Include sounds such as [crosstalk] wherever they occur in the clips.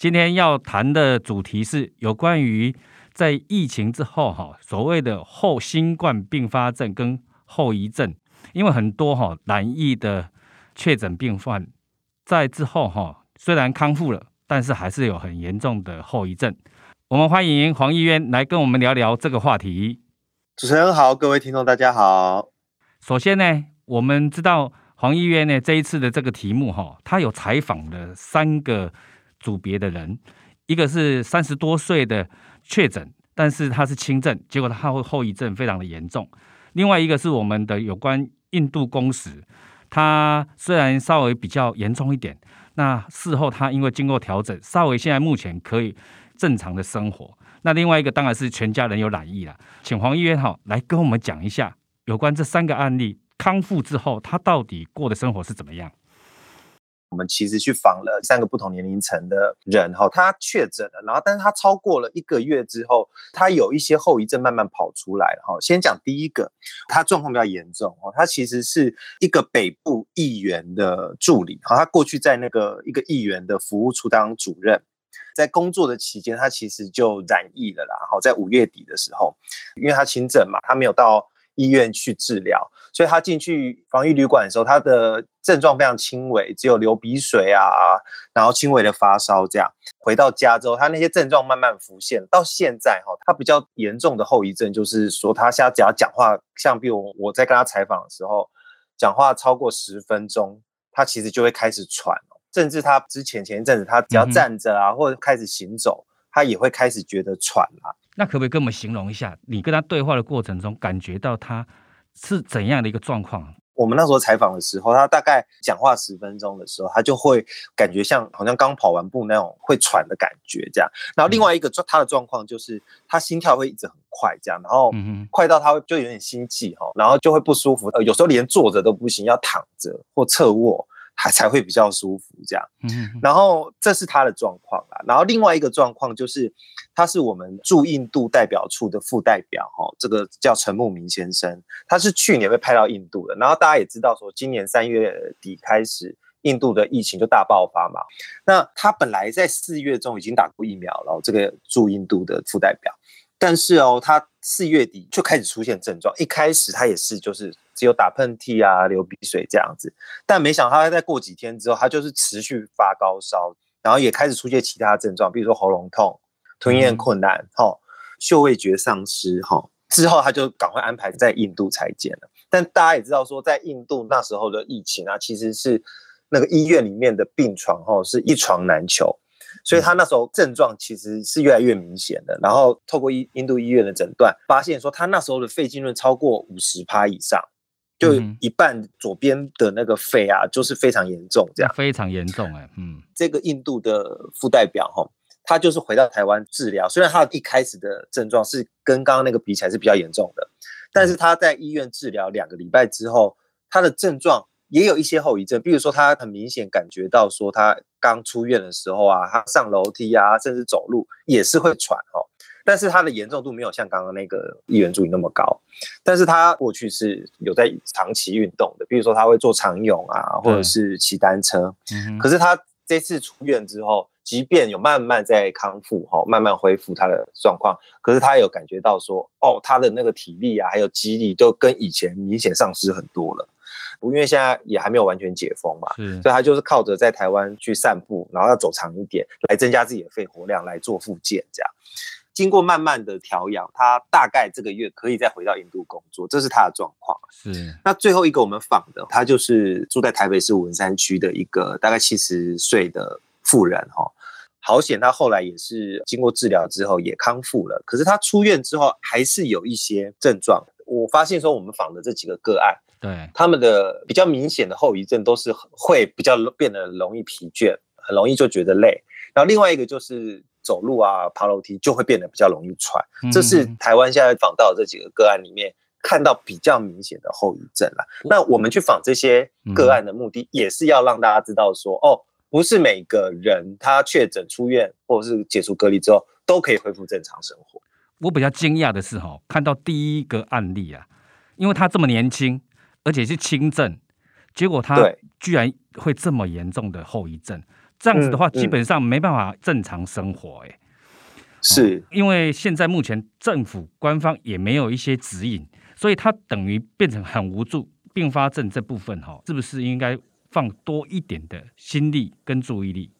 今天要談的主題是有關於在疫情之後，哈，所謂的後新冠併發症跟後遺症，因為很多哈染疫的確診病患在之後，哈，雖然康復了，但是還是有很嚴重的後遺症。我們歡迎黃議員來跟我們聊聊這個話題。主持人好，各位聽眾大家好。首先呢，我們知道黃議員呢這一次的這個題目，哈，他有採訪了三個。組別的人，一個是三十多歲的確診，但是他是輕症，結果他會後遺症非常的嚴重。另外一個是我們的有關印度公司，他雖然稍微比較嚴重一點，那事後他因為經過調整，稍微現在目前可以正常的生活。那另外一個當然是全家人有染疫了，請黃醫員好來跟我們講一下有關這三個案例康復之後，他到底過的生活是怎麼樣？我們其實去訪了三個不同年齡層的人，哈，他確診了，然後，但是他超過了一個月之後，他有一些後遺症慢慢跑出來了，哈。先講第一個，他狀況比較嚴重，哦，他其實是一個北部議員的助理，好，他過去在那個一個議員的服務處當主任，在工作的期間，他其實就染疫了啦，然後在五月底的時候，因為他請診嘛，他沒有到。醫院去治療，所以他進去防疫旅館的時候，他的症狀非常輕微，只有流鼻水啊，啊，然後輕微的發燒這樣。回到家之後，他那些症狀慢慢浮現。到現在哈、哦，他比較嚴重的後遺症就是說，他現在只要講話，像比如我在跟他採訪的時候，講話超過十分鐘，他其實就會開始喘。甚至他之前前一陣子，他只要站着啊，嗯、哼或者開始行走，他也會開始覺得喘啊。那可不可以跟我們形容一下，你跟他對話的過程中，感覺到他是怎樣的一個狀況？我們那時候採訪的時候，他大概講話十分鐘的時候，他就會感覺像好像剛跑完步那種會喘的感覺這樣。然後另外一個狀、嗯、他的狀況就是，他心跳會一直很快這樣，然後快到他就有點心悸，然後就會不舒服，有時候連坐着都不行，要躺着或側臥。才才會比較舒服這樣，嗯，然後這是他的狀況啦，然後另外一個狀況就是，他是我們駐印度代表處的副代表、哦，哈，這個叫陳牧民先生，他是去年被派到印度的，然後大家也知道說，今年三月底開始，印度的疫情就大爆發嘛，那他本來在四月中已經打過疫苗了，這個駐印度的副代表，但是哦他。四月底就開始出現症狀，一開始他也是，就是只有打噴嚏啊、流鼻水這樣子，但沒想到他在過幾天之後，他就是持續發高燒，然後也開始出現其他症狀，比如說喉嚨痛、吞嚥困難、哈嗅味覺喪失、哈、哦、之後他就趕快安排在印度採檢了。但大家也知道說，在印度那時候的疫情啊，其實是那個醫院裡面的病床哦，是一床難求。所以他那時候症狀其實是越來越明顯的，然後透過醫印度醫院的診斷，發現說他那時候的肺浸潤超過五十趴以上，就一半左邊的那個肺啊，就是非常嚴重這樣，嗯、非常嚴重哎、欸，嗯，這個印度的副代表哈，他就是回到台灣治療，雖然他一開始的症狀是跟剛剛那個比起來是比較嚴重的，但是他在醫院治療兩個禮拜之後，他的症狀。也有一些後遺症，比如說他很明顯感覺到說，他剛出院的時候啊，他上樓梯啊，甚至走路也是會喘哦。但是他的嚴重度沒有像剛剛那個議員助理那麼高，但是他過去是有在長期運動的，比如說他會做長泳啊，或者是騎單車。嗯，可是他這次出院之後，即便有慢慢在康復哈，哦，慢慢恢復他的狀況，可是他有感覺到說，哦，他的那個體力啊，還有肌力都跟以前明顯喪失很多了。不，因為現在也還沒有完全解封嘛，嗯，所以他就是靠着在台灣去散步，然後要走長一點來增加自己的肺活量來做復健，這樣。經過慢慢的調養，他大概這個月可以再回到印度工作，這是他的狀況。嗯，那最後一個我們訪的，他就是住在台北市文山區的一個大概七十歲的婦人哈。好險，他後來也是經過治療之後也康復了，可是他出院之後還是有一些症狀。我發現說我們訪的這幾個個案。對，他們的比較明顯的後遺症都是會比較變得容易疲倦，很容易就覺得累。然後另外一個就是走路啊、爬樓梯就會變得比較容易喘。這是台灣現在訪到這幾個個案裡面看到比較明顯的後遺症了。嗯、那我們去訪這些個案的目的也是要讓大家知道說，哦，不是每個人他確診出院或者是解除隔離之後都可以恢復正常生活。我比較驚訝的是哈，看到第一個案例啊，因為他這麼年輕。而且是輕症，結果他居然會這麼嚴重的後遺症，對這樣子的話，基本上沒辦法正常生活。哎，是因為現在目前政府官方也沒有一些指引，所以他等於變成很無助。併發症這部分哈、哦，是不是應該放多一點的心力跟注意力？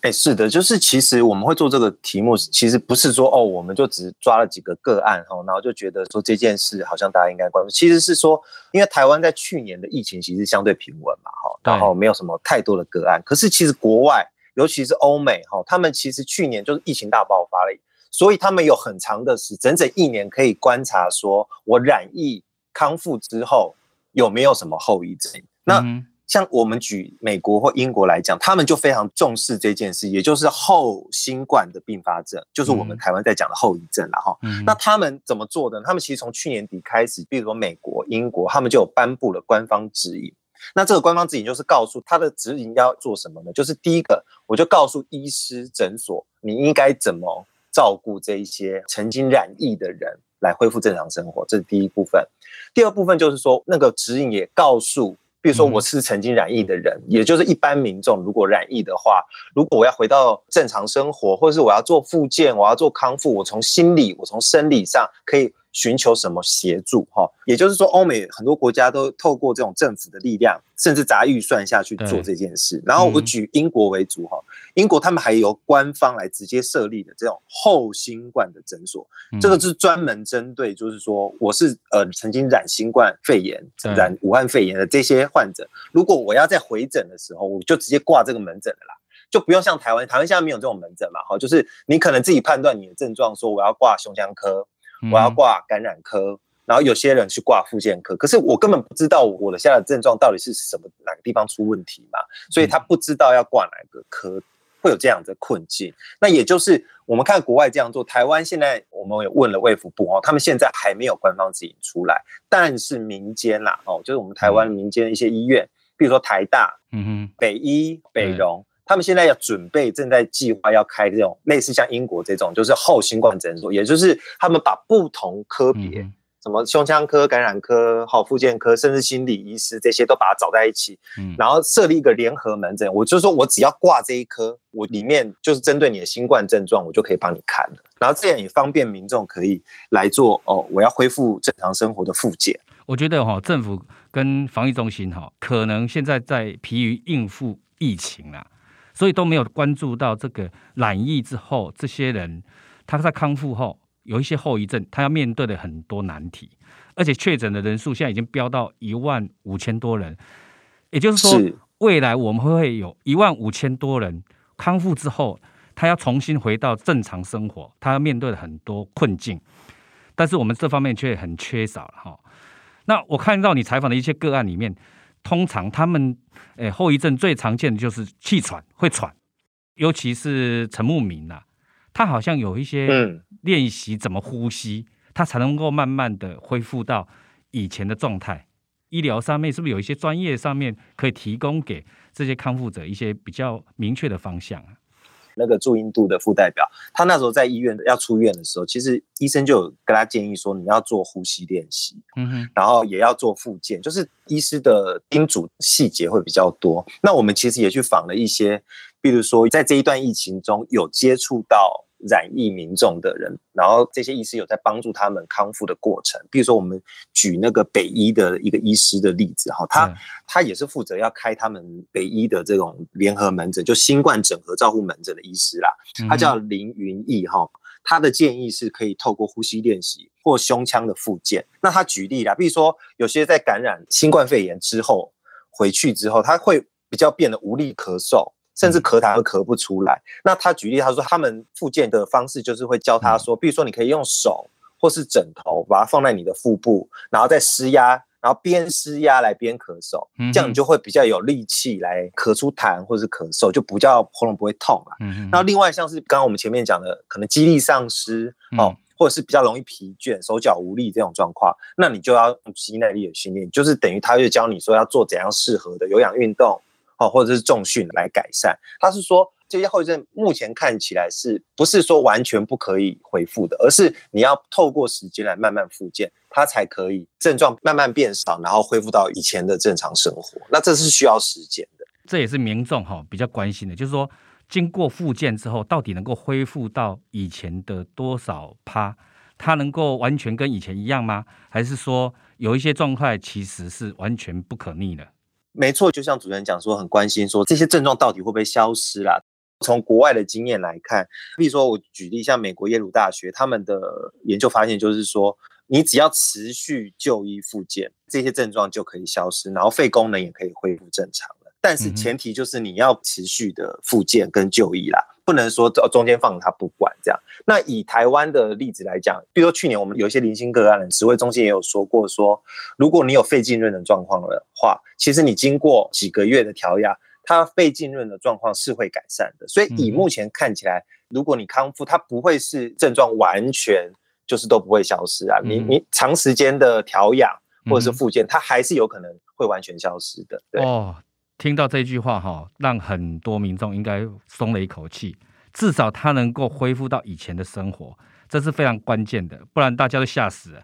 誒，欸、是的，就是其實我們會做這個題目，其實不是說哦，我們就只抓了幾個個案哈，然後就覺得說這件事好像大家應該關注。其實是說，因為台灣在去年的疫情其實相對平穩嘛哈，然後沒有什麼太多的個案，對可是其實國外，尤其是歐美哈，他們其實去年就是疫情大爆發了，所以他們有很長的時間，整整一年可以觀察說，我染疫康復之後有沒有什麼後遺症？嗯、那。像我們舉美國或英國來講，他們就非常重視這件事，也就是後新冠的併發症，就是我們台灣在講的後遺症啦，然後、嗯，那他們怎麼做的呢？他們其實從去年底開始，比如說美國、英國，他們就有頒布了官方指引。那這個官方指引就是告訴他的指引要做什麼呢？就是第一個，我就告訴醫師診所，你應該怎麼照顧這一些曾經染疫的人來恢復正常生活，這是第一部分。第二部分就是說，那個指引也告訴。比如說，我是曾經染疫的人，嗯、也就是一般民眾，如果染疫的話，如果我要回到正常生活，或者是我要做復健，我要做康復，我從心理，我從生理上可以，尋求什麼協助？哈，也就是說，歐美很多國家都透過這種政府的力量，甚至砸預算下去做這件事。對然後我舉英國為主，哈、嗯，英國他們還由官方來直接設立的這種後新冠的診所，嗯、這個是專門針對，就是說我是呃曾經染新冠肺炎，染武漢肺炎的這些患者，對如果我要再回診的時候，我就直接掛這個門診了啦，就不用像台灣，台灣現在沒有這種門診嘛，哈，就是你可能自己判斷你的症狀，說我要掛胸腔科。我要掛感染科，然後有些人去掛復健科，可是我根本不知道我的現在的症狀到底是什麼，哪個地方出問題嘛，所以他不知道要掛哪個科，會有這樣子的困境。那也就是我們看國外這樣做，台灣現在我們也問了衛福部哦，他們現在還沒有官方指引出來，但是民間啦哦，就是我們台灣民間的一些醫院，嗯、比如說台大、嗯哼、北醫、北榮。嗯他們現在要準備，正在計劃要開這種類似像英國這種，就是後新冠診所，也就是他們把不同科別，嗯、什麼胸腔科、感染科、哈、哦、復健科，甚至心理醫師這些都把它找在一起，嗯，然後設立一個聯合門診。我就是說我只要掛這一科，我裡面就是針對你的新冠症狀，我就可以幫你看了。然後這樣也方便民眾可以來做哦，我要恢復正常生活的復健。我覺得哈、哦，政府跟防疫中心哈、哦，可能現在在疲於應付疫情啊。所以都沒有關注到這個染疫之後，這些人他在康復後有一些後遺症，他要面對的很多難題，而且確診的人數現在已經飆到一萬五千多人。也就是說，未來我們會有一萬五千多人康復之後，他要重新回到正常生活，他要面對的很多困境。但是我們這方面卻很缺少了哈。那我看到你採訪的一些個案裡面。通常他們，誒、欸、後遺症最常見的就是氣喘，會喘，尤其是陳牧民吶，他好像有一些練習怎麼呼吸，他才能夠慢慢的恢復到以前的狀態。醫療上面是不是有一些專業上面可以提供給這些康復者一些比較明確的方向啊？那個駐印度的副代表，他那時候在醫院要出院的時候，其實醫生就有跟他建議說，你要做呼吸練習，嗯，然後也要做復健，就是醫師的叮囑細節會比較多。那我們其實也去訪了一些，比如說在這一段疫情中有接觸到。染疫民眾的人，然後這些醫師有在幫助他們康復的過程。比如說，我們舉那個北醫的一個醫師的例子，哈，他、嗯、他也是負責要開他們北醫的這種聯合門診，就新冠整合照護門診的醫師啦。他叫林雲逸。哈，他的建議是可以透過呼吸練習或胸腔的復健。那他舉例啦，比如說有些在感染新冠肺炎之後回去之後，他會比較變得無力咳嗽。甚至咳痰都咳不出來。那他舉例，他說他們復健的方式就是會教他說，嗯、比如說你可以用手或是枕頭把它放在你的腹部，然後再施壓，然後邊施壓來邊咳嗽，嗯、哼這樣你就會比較有力氣來咳出痰或者是咳嗽，就比較喉嚨不會痛了，啊。嗯哼。那另外像是剛剛我們前面講的，可能肌力喪失哦，嗯、或者是比較容易疲倦，手腳無力這種狀況，那你就要用肌耐力的訓練，就是等於他就教你說要做怎樣適合的有氧運動。哦，或者是重訓來改善。他是說這些後遺症目前看起來是不是說完全不可以恢復的，而是你要透過時間來慢慢復健，它才可以症狀慢慢變少，然後恢復到以前的正常生活。那這是需要時間的，這也是民眾哈比較關心的，就是說經過復健之後，到底能夠恢復到以前的多少趴？它能夠完全跟以前一樣嗎？還是說有一些狀態其實是完全不可逆的？沒錯，就像主持人講說，很關心說這些症狀到底會不會消失啦。從國外的經驗來看，比如說我舉例，像美國耶魯大學他們的研究發現，就是說你只要持續就醫復健，這些症狀就可以消失，然後肺功能也可以恢復正常了。但是前提就是你要持續的復健跟就醫啦。嗯不能說這中間放他不管這樣。那以台灣的例子來講，比如說去年我們有一些零星個案，指揮中心也有說過說，說如果你有肺浸潤的狀況的話，其實你經過幾個月的調養，它肺浸潤的狀況是會改善的。所以以目前看起來，如果你康復，它不會是症狀完全就是都不會消失啊。你你長時間的調養或者是復健，它還是有可能會完全消失的。對哦。聽到這句話哈，讓很多民眾應該鬆了一口氣，至少他能夠恢復到以前的生活，這是非常關鍵的，不然大家都嚇死了。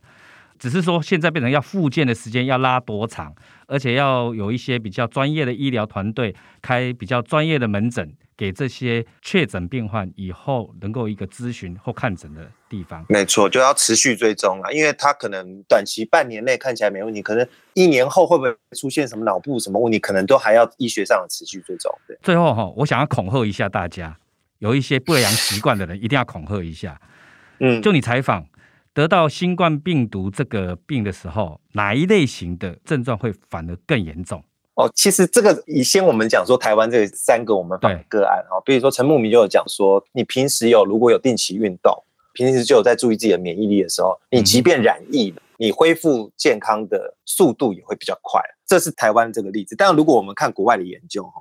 只是說現在變成要復健的時間要拉多長，而且要有一些比較專業的醫療團隊開比較專業的門診。給這些確診病患以後能夠一個諮詢或看診的地方。沒錯，就要持續追蹤了，因為它可能短期半年內看起來沒問題，可能一年後會不會出現什麼腦部什麼問題，可能都還要醫學上持續追蹤，對。最後哈，我想要恐嚇一下大家，有一些不良習慣的人一定要恐嚇一下。嗯， [laughs] 就你採訪得到新冠病毒這個病的時候，哪一類型的症狀會反而更嚴重？哦，其實這個以先我們講說，台灣這三個我們訪的個案哈，對比如說陳牧民就有講說，你平時有如果有定期運動，平時就有在注意自己的免疫力的時候，你即便染疫了，嗯、你恢復健康的速度也會比較快。這是台灣這個例子。但如果我們看國外的研究哈，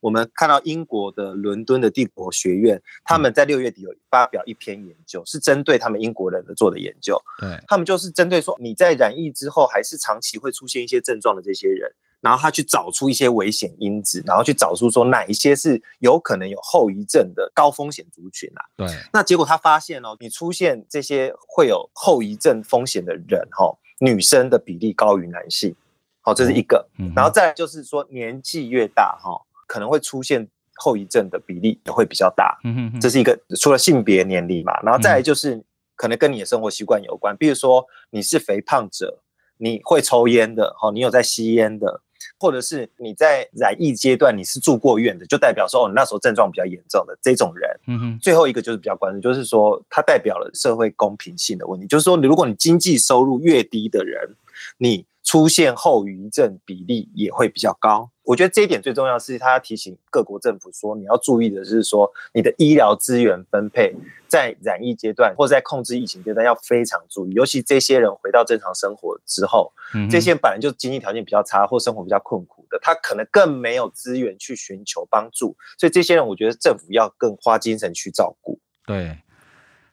我們看到英國的倫敦的帝國學院，他們在六月底有發表一篇研究，嗯、是針對他們英國人做的研究。對，他們就是針對說，你在染疫之後還是長期會出現一些症狀的這些人。然後他去找出一些危險因子，然後去找出說哪一些是有可能有後遺症的高風險族群啊？對。那結果他發現哦，你出現這些會有後遺症風險的人，哦，哈，女生的比例高於男性，好，哦，這是一個。哦，然後再來就是說，年紀越大，哈，哦，可能會出現後遺症的比例也會比較大。嗯嗯。這是一個，除了性別、年齡嘛，然後再來就是可能跟你的生活習慣有關，嗯、比如說你是肥胖者，你會抽煙的，哦，你有在吸煙的。或者是你在染疫階段，你是住過院的，就代表說哦，你那時候症狀比較嚴重的這種人。嗯哼，最後一個就是比較關注，就是說它代表了社會公平性的問題，就是說如果你經濟收入越低的人，你。出現後遺症比例也會比較高，我覺得這一點最重要是，他要提醒各國政府說，你要注意的是說，你的醫療資源分配在染疫階段或在控制疫情階段要非常注意，尤其這些人回到正常生活之後，嗯、哼這些人本來就經濟條件比較差或生活比較困苦的，他可能更沒有資源去尋求幫助，所以這些人我覺得政府要更花精神去照顧。對，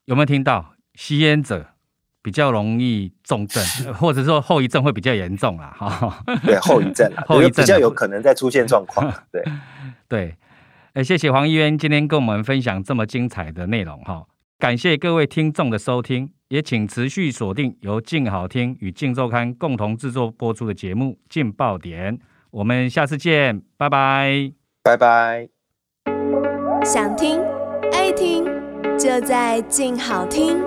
有沒有聽到？吸菸者。比較容易重症， [laughs] 或者說後遺症會比較嚴重了哈。 [laughs] 對，後遺症後遺症比較有可能再出現狀況。 [laughs] 對，對，欸、謝謝黃醫生今天跟我們分享這麼精彩的內容哈。感謝各位聽眾的收聽，也請持續鎖定由鏡好聽與鏡週刊共同制作播出的節目《鏡爆點》。我們下次見，拜拜，拜拜。想聽愛聽，就在鏡好聽。